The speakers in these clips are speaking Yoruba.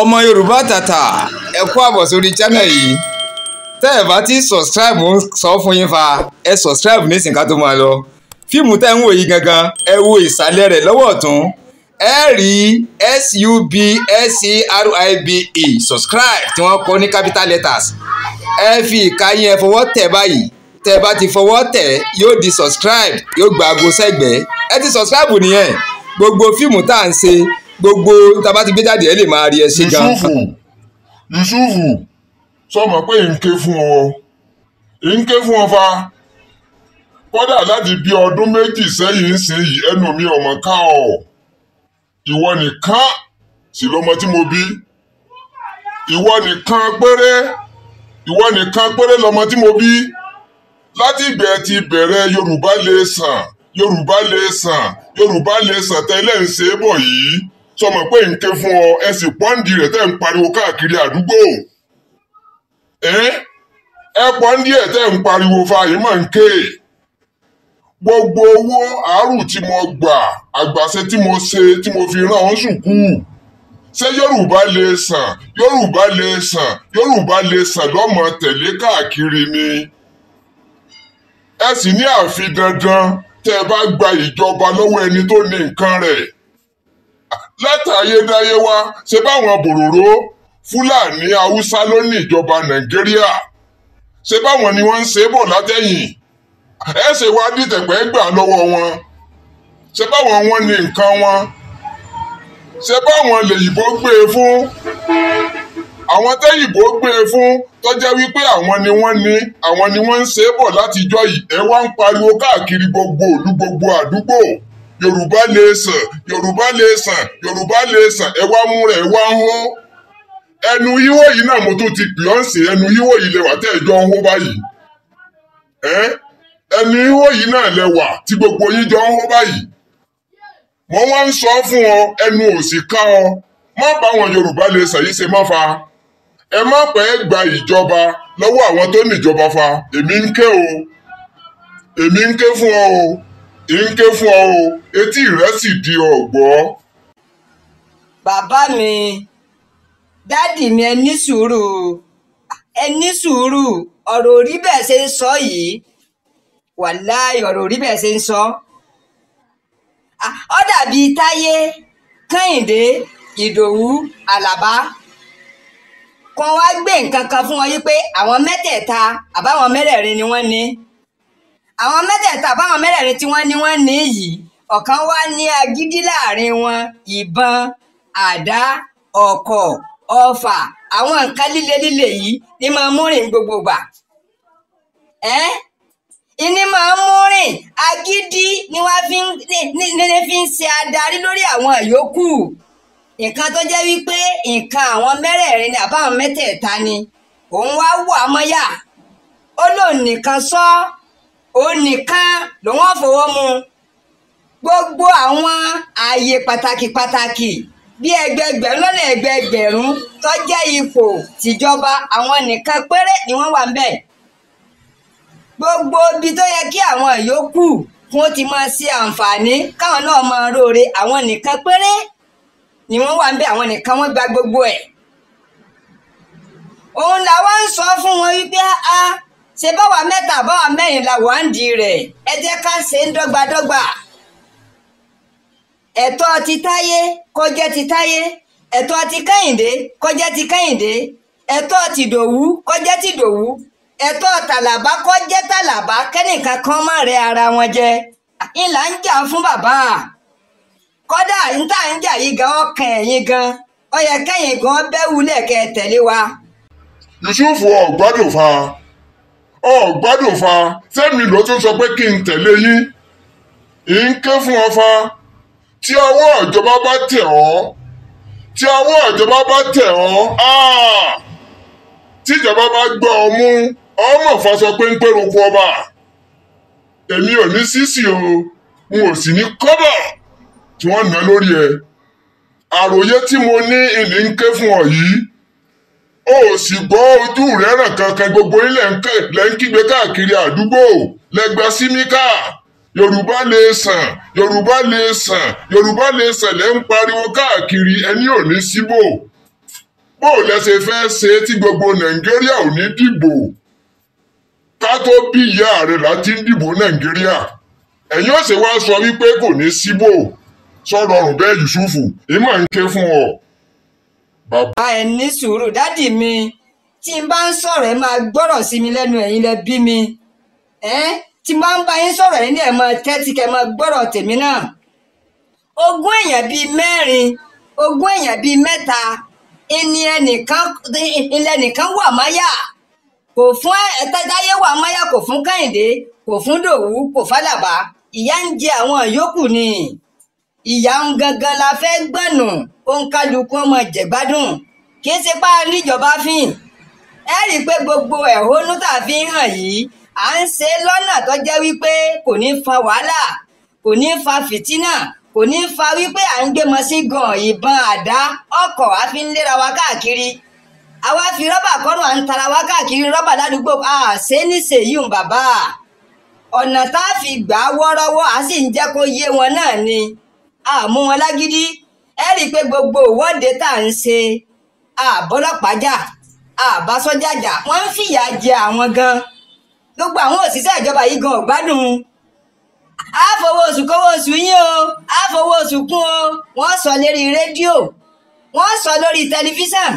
ọmọ yorùbá tàtà ẹ kú àbọ̀ sórí channel yìí tẹ́ ẹ bá ti subscribe ń sọ fún yín fa ẹ subscribe nísìn ká tó máa lọ fíìmù tẹ́ ń wò yìí gangan ẹ wo ìsàlẹ̀ rẹ̀ lọ́wọ́ ọ̀tún ẹ rí s-u-b-s-c-r-i-b-e subscribe tí wọ́n kọ ní capital letters ẹ fi ìka yín ẹ fọwọ́ tẹ̀ báyìí tẹ́ ẹ bá ti fọwọ́ tẹ̀ yóò di subscribe yóò gba aago sẹ́gbẹ̀ẹ́ ẹ ti subscribe nìyẹn gbogbo fíìmù tá à ń ṣe gbogbo taba ti gbé jáde ẹ lè máa rí ẹ ṣe gan. yusufu yusufu sọmọ pé n ké fún ọ n ké fún ọ fa kódà láti bí ọdún méjì sẹ́yìn ń sìn yìí ẹnu mi ọmọ ká ọ ìwọ nìkan sì lọmọ tí mo bí ìwọ nìkan péré ìwọ nìkan péré lọmọ tí mo bí láti ìbẹ̀ ti bẹ̀rẹ̀ yorùbá lè sàn yorùbá lè sàn yorùbá lè sàn tẹ́lẹ̀ ń ṣe é bọ̀ yìí sọmọ pé n ké fún ọ ẹ sì pọ́ǹdì rẹ̀ tẹ́ ń pariwo káàkiri àdúgbò ẹ pọ́ǹdì ẹ̀ tẹ́ ń pariwo fààyè mọ̀ ń ké gbogbo owó àárù tí mo gbà àgbàṣe tí mo ṣe tí mo fi rán wọn sùkúù ṣé yorùbá lè sàn yorùbá lè sàn yorùbá lè sàn lọ́mọ tẹ̀lé káàkiri ni ẹ sì ní àfi dandan tẹ́ ẹ bá gba ìjọba lọ́wọ́ ẹni tó ní nǹkan rẹ̀ látàyédáyé wá ṣe báwọn bòròró fúlàní haúsá ló ní ìjọba nàìjíríà ṣe báwọn ni wọ́n ń ṣe bọ̀ látẹ̀yìn ẹ ṣe wá dìtẹ̀pẹ́ gbà lọ́wọ́ wọn ṣe báwọn wọn ní nǹkan wọn ṣe báwọn lèyìnbó gbé e fún àwọn tẹ́yìnbó gbé e fún tó wípé àwọn ni wọ́n ní àwọn ni wọ́n ń ṣe bọ̀ látijọ́ yìí ẹ wá ń pariwo káàkiri gbogbo ìlú gbogbo àdúgbò yorùbá nation yorùbá nation yorùbá nation ẹ wá mú rẹ ẹ wá ń hó ẹnu yíwó yìí náà mo tún ti pè ọ́ ń sìn ẹnu yíwó yìí lẹwà tẹ́ ẹ jọ ń hó báyìí ẹnu yíwó yìí náà lẹwà tí gbogbo yín jọ ń hó báyìí mo wá ń sọ fún ọ ẹnu òsì ká ọ má bá wọn yorùbá nation yìí ṣe má fa ẹ má pẹ́ gba ìjọba lọ́wọ́ àwọn tó níjọba fa èmi ń ké o èmi ń ké fún ọ o ń fún ọ o etí rẹ sì di ọ̀gbọ́. bàbá mi dádì mi ẹ sùúrù ẹ sùúrù ọ̀rọ̀ orí bẹ́ẹ̀ ṣe ń sọ yìí wàláì ọ̀rọ̀ orí bẹ́ẹ̀ ṣe ń sọ. ó dàbí táyé kẹ́hìndé ìdòwú àlàbá kan wá gbé nǹkan kan fún wọn yí pé àwọn mẹ́tẹ̀ẹ̀ta àbáwọn mẹ́rẹ̀ẹ̀rin ni wọ́n ní àwọn mẹ́tẹ̀ẹ̀ta báwọn mẹ́rẹ̀ẹ̀rin tí wọ́n ní wọ́n ní yìí ọ̀kan wá ní agídí láàrin wọn ìbọn àdá ọ̀kọ̀ ọfà àwọn nǹkan líle líle yìí ni máa mú rìn gbogbo gbà ìní máa mú rìn agídí ni wọ́n fi ń ṣe adarí lórí àwọn yòókù nǹkan tó jẹ́ wípé nǹkan àwọn mẹ́rẹ̀ẹ̀rin ni àbáwọn mẹ́tẹ̀ẹ̀ta ni òun wá wò á mọ́yà ó lóun nìkan sọ òun nìkan lòun fọwọ́ mu gbogbo àwọn ààyè pàtàkì pàtàkì bí ẹgbẹgbẹ̀rún lọ́nà ẹgbẹgbẹ̀rún tó jẹ́ ipò tìjọba àwọn nìkan péré ni wọ́n wà ń bẹ̀ gbogbo ibi tó yẹ kí àwọn yòókù kún ti máa ṣe àǹfààní káwọn náà máa róore àwọn nìkan péré ni wọ́n wà ń bẹ̀ àwọn nìkan wọ́n gba gbogbo ẹ̀ òun làwọn ń sọ fún wọn wípé a. Ah, ṣe báwa mẹ́ta báwa mẹ́rin la wà ń di rẹ̀ ẹ jẹ́ ká ṣe ń dọ́gbadọ́gba ẹ̀tọ́ ti táyé kó jẹ́ ti táyé ẹ̀tọ́ ti kẹ́hìndé kó jẹ́ ti kẹ́hìndé ẹ̀tọ́ ti dòwú kó jẹ́ ti dòwú ẹ̀tọ́ tàlàbá kó jẹ́ tàlàbá kẹ́nìkan kan má rẹ ara wọn jẹ Ìlà ń jà fún bàbá kódà níta ń jà yìí gan ọkàn ẹ̀yìn gan ó yẹ kẹ́yìn gan bẹ́wulẹ̀ kẹ́ tẹ̀lé wa. Yusuf ọ̀gbádùn fa. ọ̀gbádùn fa tẹ́mi ló tún sọ pé kí n tẹ̀lé yín ń ké fún ọ fa tí ọwọ́ ìjọba bá tẹ̀ ọ́ tí ọwọ́ ìjọba bá tẹ̀ ọ́ tíjọba bá gbọ́ ọ mú ọmọ ìfọsọ pé ń pérokù ọba èmi ò ní sísì o n ò sì ní kọ́bọ̀ tí wọ́n ná lórí ẹ̀ àròyé tí mo ní ìlú ń ké fún ọ yìí o sì bọ́ ojú rẹ̀ ràn kankan gbogbo ilẹ̀ ń kígbe káàkiri àdúgbò lẹ́gbẹ́ símíkà yorùbá lè sàn yorùbá lè sàn yorùbá lè sàn lẹ́ ń pariwo káàkiri ẹni ò ní síbò o ṣe gbogbo nàìjíríà ò ní dìbò ká tó bí ìyá nigeria láti ń dìbò nàìjíríà sọ wípé kò ní síbò bàbá ẹ ní sùúrù dádì mi tí n bá ń sọ̀rọ̀ ẹ máa gbọ́rọ̀ sí mi lẹ́nu ẹ̀yin lẹ bí mi tí n bá ń bá yín sọ̀rọ̀ ẹ̀yin ẹ̀ máa tẹ́tí kẹ́ máa gbọ́rọ̀ tèmi náà ogún èèyàn bíi mẹ́rin ogún èèyàn bíi mẹ́ta ìní ẹnìkan ilẹ̀ nìkan wà máyà kò fún táyé wà máyà kò fún kẹ́hìndé kò fún dòwú kò fàlàbà Ìyá ń jẹ àwọn yòókù ni ìyà ń gangan la fẹ́ gbọ̀nù. òǹkàlùkù ọmọ jẹ̀gbádùn kì í ṣe pa níjọba fín ẹ rí i pé gbogbo ẹ̀hónú tá a fi ń hàn yìí à ń ṣe lọ́nà tó jẹ́ wípé kò ní fa wàhálà kò ní fa fìtínà kò ní fa wípé à ń gbémọ sí gan ìbọn àdá ọkọ̀ a fi ń léra wa káàkiri àwa fi rọ́bà kọ́rùn à ń tara wa káàkiri rọ́bà ládùúgbò a ṣe níṣèyí ń bàbá ọ̀nà tá a fi gbà wọ́rọ́wọ́ a sì ń jẹ́ kó yé wọn náà ni àmú wọn lágídí ẹ rí i pé gbogbo ìwọ́de tá à ń ṣe àbọ́lọ́pàájà àbásọ́jàjà wọ́n ń fìyà jẹ àwọn gan gbogbo àwọn òṣìṣẹ́ ìjọba yìí gan ọ̀gbádùn á fowó oṣù kówó oṣù yín o á fowó oṣù kún o wọ́n sọ lérí rédíò wọ́n sọ lórí tẹlifíṣàn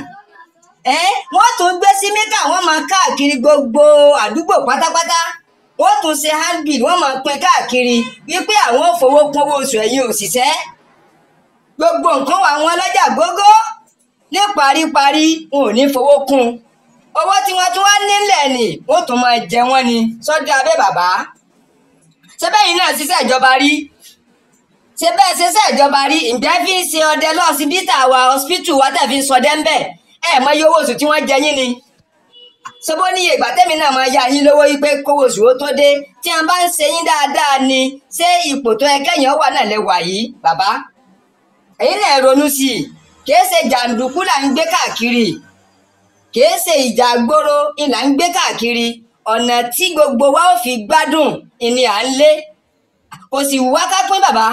wọ́n tún gbé símíkà wọ́n máa káàkiri gbogbo àdúgbò pátápátá wọ́n tún ṣe handbill wọ́n máa pín káàkiri wípé àwọn ò fowó kún owó oṣù ẹ̀yin òṣìṣẹ́ gbogbo nǹkan wà wọn lọ́jà gógó ní paríparí wọn ò ní fowó kún owó tí wọ́n tún wá nílẹ̀ ni wọ́n tún máa jẹ wọ́n ni sọ́dọ̀ abẹ́ bàbá ṣẹ́bẹ́yìn náà ṣiṣẹ́ ìjọba rí ṣẹ́bẹ́ ṣiṣẹ́ ìjọba rí ǹjẹ́ fi ń ṣe ọdẹ lọ́sibítà wa hospital wa tẹ̀ fi ń sọdẹ́ ń bẹ̀ ẹ̀ mọ iye owó oṣù tí wọ́n jẹ yín ni ṣebó ní ìgbà tẹ́mi náà máa ya yín lówó wípé kówó oṣù ó tó dé tí a bá ń ṣe yín dáadáa ni ṣé ipò tó ẹkẹ́yìn ó wà náà lè wà yìí bàbá ẹ̀yin náà ronú sí i kìí ṣe jàǹdùkú là ń gbé káàkiri kìí ṣe ìjà àgboro là ń gbé káàkiri ọ̀nà tí gbogbo wa ó fi gbádùn ni à ń lé kò sì wá ká pín bàbá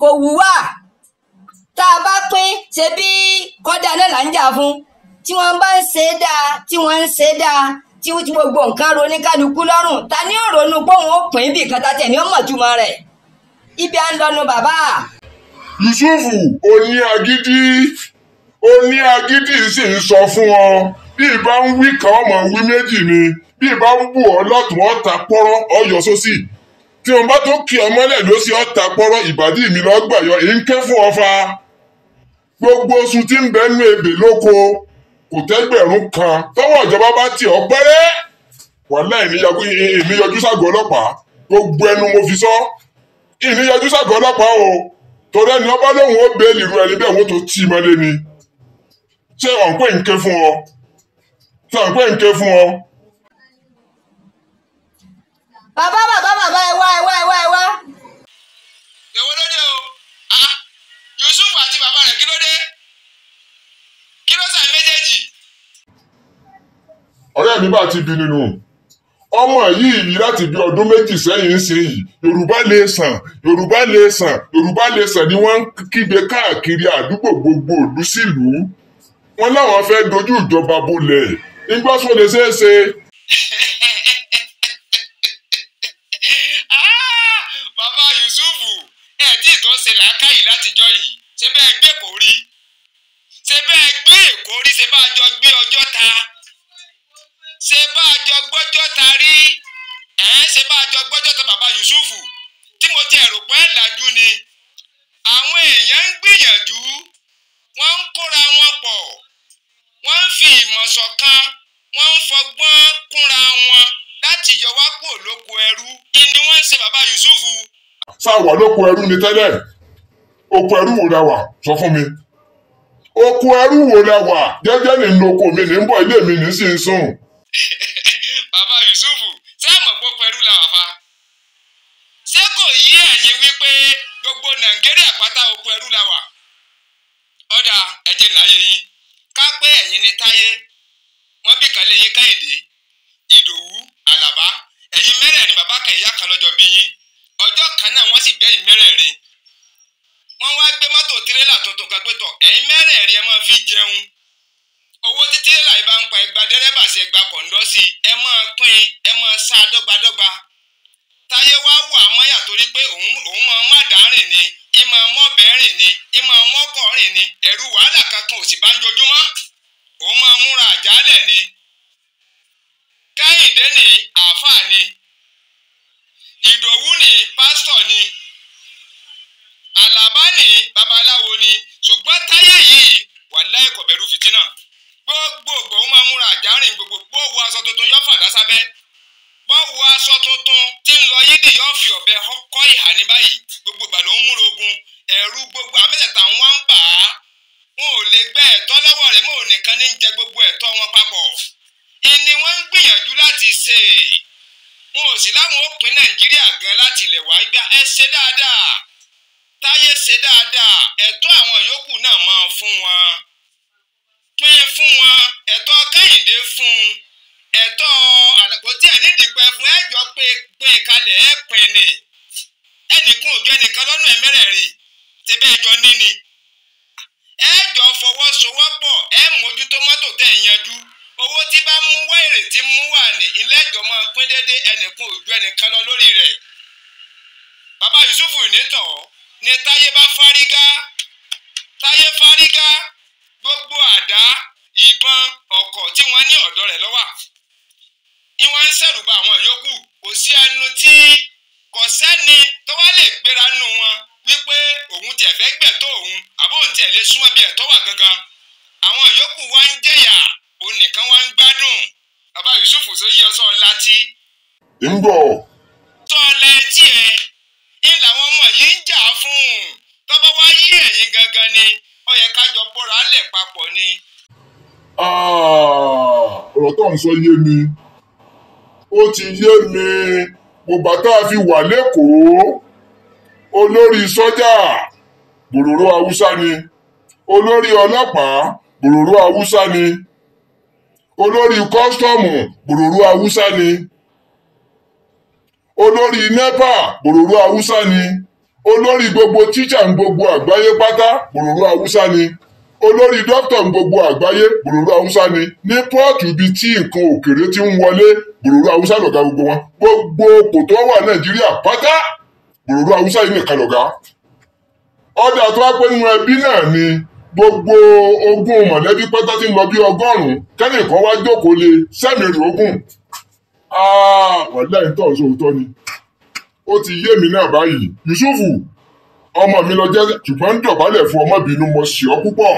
kò wù wá tá a bá pín ṣe bí kọ́dà náà là ń jà fún tí wọ́n bá ń ṣe é dáa tí wọ́n ń ṣe é dáa tí gbogbo nǹkan ronú lọ́rùn ta ni ó ronú pé òun ó pín bí kan tẹ̀ ní ó mọ̀túmọ̀ rẹ̀ ibi à ń lọ́nu bàbá yusufu ó ní agídí ó ní agídí sì ń sọ fún ọ bí ìbá ń wí kan ọmọ wí méjì ni bí ìbá ń bù ọ lọ́tún ọ̀tà pọ́rọ́ ọyọ sósì tí wọn bá tó kí ọ mọ́lẹ̀ ló sì ọ̀tà pọ́rọ́ ìbàdí mi lọ́gbà yọ èyí ń ké fún ọ fa gbogbo oṣù tí ń bẹ́nu ebè lóko kò tẹ́gbẹ̀rún kan tọ́wọ́ ìjọba bá tì ọ́ pẹ́rẹ́ wàhálà ìníyọjú ságọ́ ọlọ́pàá gbogbo ẹnu mo fi sọ ìníyọjú ságọ́ ọlọ́pàá o torí ẹni ọba lóhùn ó bẹ́ẹ̀lì irú ẹni bẹ́ẹ̀ wọ́n tó tì í mọ́lé ni ṣé ọ̀ ń pè ń ké fún ọ ṣé ọ̀ ń pè ń ké fún ọ. bàbá bàbá bàbá ẹ wá ẹ wá ẹ wá ẹ wá. èwo ló dé o ah, Yusuf àti bàbá rẹ̀ kí ló dé kí ló sàn méjèèjì. ọ̀rẹ́ mi bá ti bí nínú. No ọmọ yìí rí láti bí ọdún méjì sẹ́yìn ń ṣe yìí yorùbá lè sàn yorùbá lè sàn yorùbá lè sàn ni wọ́n ń kígbe káàkiri àdúgbò gbogbo òlú sílùú wọn láwọn fẹ́ dojú ìjọba bolẹ̀ nígbà tó lè ṣeé ṣe. Ah, bàbá yusuf ẹ tí ì tó ṣe làákàyè látijọ́ yìí ṣé bẹ́ẹ̀ gbé kò rí ṣé bẹ́ẹ̀ gbé èkó rí ṣé bá a jọ gbé ọjọ́ ta ṣe bá a jọ gbọ́jọ́ ta rí ẹ̀ ṣe bá a jọ gbọ́jọ́ ta bàbá Yusufu tí mo ti ẹ̀rù pé làjú ni àwọn èèyàn ń gbìyànjú wọ́n ń kóra wọn pọ̀ wọ́n ń fi ìmọ̀ ṣọ̀kan wọ́n ń fọgbọ́n kúnra wọn láti yọ wá kúrò lóko ẹrú ni wọ́n ń ṣe bàbá Yusufu. sáwà lóko ẹrú ni tẹ́lẹ̀ oko ẹrú wo la wà sọ fún mi oko ẹrú wo la wà jẹ́jẹ́ ní oko mi ní ń ilé mi ní sí ń sùn. bàbá Yusuf ṣé ẹ mọ̀ pé pẹ̀lú làwọn fa ṣé kò yí ẹ̀yin wípé gbogbo Nàìjíríà pátá oko ẹrú la wà ọ̀dà ẹ̀jẹ̀ láyé yín ká pé ẹ̀yin ni táyé wọ́n bí kan lé yín káyìndé ìdòwú àlàbá ẹ̀yin mẹ́rẹ̀ẹ̀rin bàbá kan ìyá kan lọ́jọ́ bí yín ọjọ́ kan náà wọ́n sì bẹ́yìn mẹ́rẹ̀ẹ̀rin wọ́n wá gbé mọ́tò tirẹ́là tuntun kan pé tọ̀ ẹ̀yin mẹ́rẹ̀ẹ̀rin ẹ máa fi jẹun owó títí ẹ̀là ìbá ń pa ẹgbà dẹ́rẹ́bà sí ẹgbà kọ̀ńdọ́ sí ẹ máa pín ẹ máa sá dọ́gbadọ́gba táyé wá wà mọ́yà torí pé òun máa má dárìn ni ìmọ̀ ọmọbẹ̀rin ni ìmọ̀ ọmọkọ̀rin ni ẹ̀rù wàhálà kankan ò sì bá ń jojúmọ́ òun máa múra àjálẹ̀ ni kẹ́hìndé ni àáfàá ni ìdòwú ni pásítọ̀ ni àlàbá ni babaláwo ni ṣùgbọ́n táyé yìí wàláhì kò bẹ̀rù fìtínà gbogbo ògbò ó máa múra àjárìn gbogbo bó wo aṣọ tuntun yọ fàdá sábẹ́ bó wo aṣọ tuntun tí ń lọ yídì yọ fi ọ̀bẹ kọ́ ìhà ní báyìí gbogbo ìgbà ló ń múra ogun ẹ̀rù gbogbo àmẹ́tẹ̀ẹ̀ta wọn ń bà á wọn ò lè gbẹ́ ẹ̀tọ́ lọ́wọ́ rẹ̀ mọ́ nìkan ní jẹ gbogbo ẹ̀tọ́ wọn papọ̀ ìní wọn ń gbìyànjú láti ṣe wọn ò sì láwọn ó nàìjíríà gan láti ilẹ̀ wá gbá ẹ ṣe dáadáa táyé ṣe dáadáa ẹ̀tọ́ àwọn yòókù Àjíǹde fún un ẹ̀tọ́ àlàkò tí ẹ̀ nídìí pẹ́ fún ẹ̀jọ́ pé pé kalẹ̀ ẹ̀ pè ní ẹnìkan ò jọ ẹnìkan lọ́nà ẹ̀mẹ́rẹ̀ẹ̀rin tẹ́bẹ́ ẹ̀jọ́ níní ẹ̀jọ́ fọwọ́sowọ́pọ̀ ẹ̀ mójútó mọ́tò tẹ̀ yanjú owó tí bá mú wá èrè tí mú wà ní ilé ẹ̀jọ́ máa pín déédéé ẹnìkan ò jọ ẹnìkan lọ lórí rẹ̀ bàbá Yusufu nítọ̀ ní táyé bá fárígá dẹ́rù ba àwọn yòókù kò sí ẹnu tí kò sẹ́ni tó wá lè gbéra nù wọn wípé òun tiẹ̀ fẹ́ gbẹ̀tọ́ òun àbóhùn tiẹ̀ lè súnmọ́ bí ẹ̀tọ́ wà gangan àwọn yòókù wá ń jẹ̀yà òun wá ń gbádùn bàbá Yusuf tó yí ọsọ láti. ń bọ̀. tọ́lẹ̀ tiẹ̀ ń làwọn ọmọ yìí ń jà fún un tọ́bọ̀ wá yí ẹ̀yìn gangan ni ó yẹ kájọ bọ́ra lẹ̀ papọ̀ ni. Ah, ọ̀rọ̀ tó ń sọ yé mi. ó ti yé mi gbogbo tá a fi wà lẹ́kọ̀ọ́ olórí sọ́jà gbòòrò haúsá ni olórí ọlọ́pàá gbòòrò haúsá ni olórí kọ́sítọ́ọ̀mù gbòòrò haúsá ni olórí nepa gbòòrò haúsá ni olórí gbogbo tíjà gbogbo àgbáyé pátá gbòòrò haúsá ni. olórí dókítà gbogbo àgbáyé bùrùrù haúsá ni ní pọ́ọ̀tù ibi tí nǹkan òkèrè ti ń wọlé bùrùrù haúsá lọ̀gá gbogbo wọn gbogbo kòtò wà nàìjíríà pátá bùrùrù haúsá yìí nìkan lọ̀gá ọdẹ àtúwápẹ́ nínú ẹbí náà ni gbogbo ogún mọ̀lẹ́bí pátá ti ń lọ bí ọgọ́rùn-ún kẹ́nìkan wá jókòó lé sẹ́mìrì ogún wọ́n lẹ́yìn tó ọ̀ṣọ́ òótọ́ ni ó ti yé mi náà báyìí Yusufu ọmọ mi lọ jẹ́ ṣùgbọ́n ń dọ̀bálẹ̀ fún ọmọ bínú mo ṣì ọ́ púpọ̀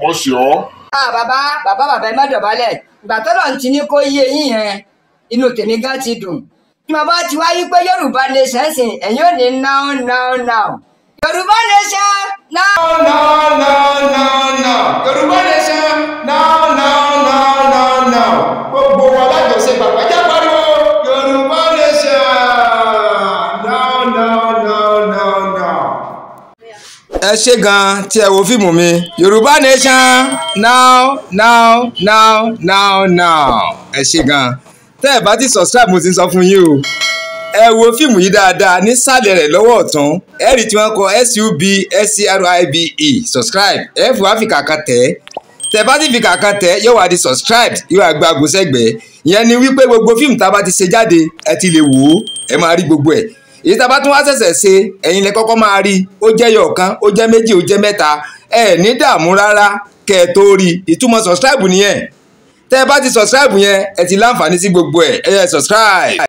mo ṣì ọ́. a ah, bàbá bàbá bàbá ẹ má dọ̀bálẹ̀ ìgbà tó lọ́n ti ní kó yé yín yẹn inú tèmi gan ti dùn. bí bàbá ti wáyé pé yorùbá nation sìn ẹ̀yìn ò ní now now now yorùbá nation now now now. ṣé gan tí ẹ wo fíìmù mi yorùbá nation now now now now now ẹ ṣé gan tẹ́ ẹ bá ti subscribe mo ti sọ fún yín o ẹ wo fíìmù yìí dáadáa nísàlẹ̀ rẹ̀ lọ́wọ́ ọ̀tún ẹ rí tí wọ́n kọ subscribe subscribe ẹ fi wá fìkà kan tẹ̀ tẹ́ bá ti fìkà kan tẹ̀ yóò wá di subscribe yóò wá gba àgùnsẹ̀gbẹ́ ìyẹn ni wípé gbogbo fíìmù tá a bá ti ṣe jáde ẹ ti lè wò ó ẹ máa rí gbogbo ẹ̀ èyí tá a bá tún wá ṣẹ̀ṣẹ̀ ṣe ẹ̀yin lẹ kọ́kọ́ máa rí ó jẹ́ yọ̀ọ̀kan ó jẹ́ méjì ó jẹ́ mẹ́ta ẹ ní dààmú rárá kẹ́ rí ìtumọ̀ subscribe nìyẹn tẹ́ ẹ bá ti subscribe yẹn ẹ ti láǹfààní sí gbogbo ẹ̀ ẹ subscribe.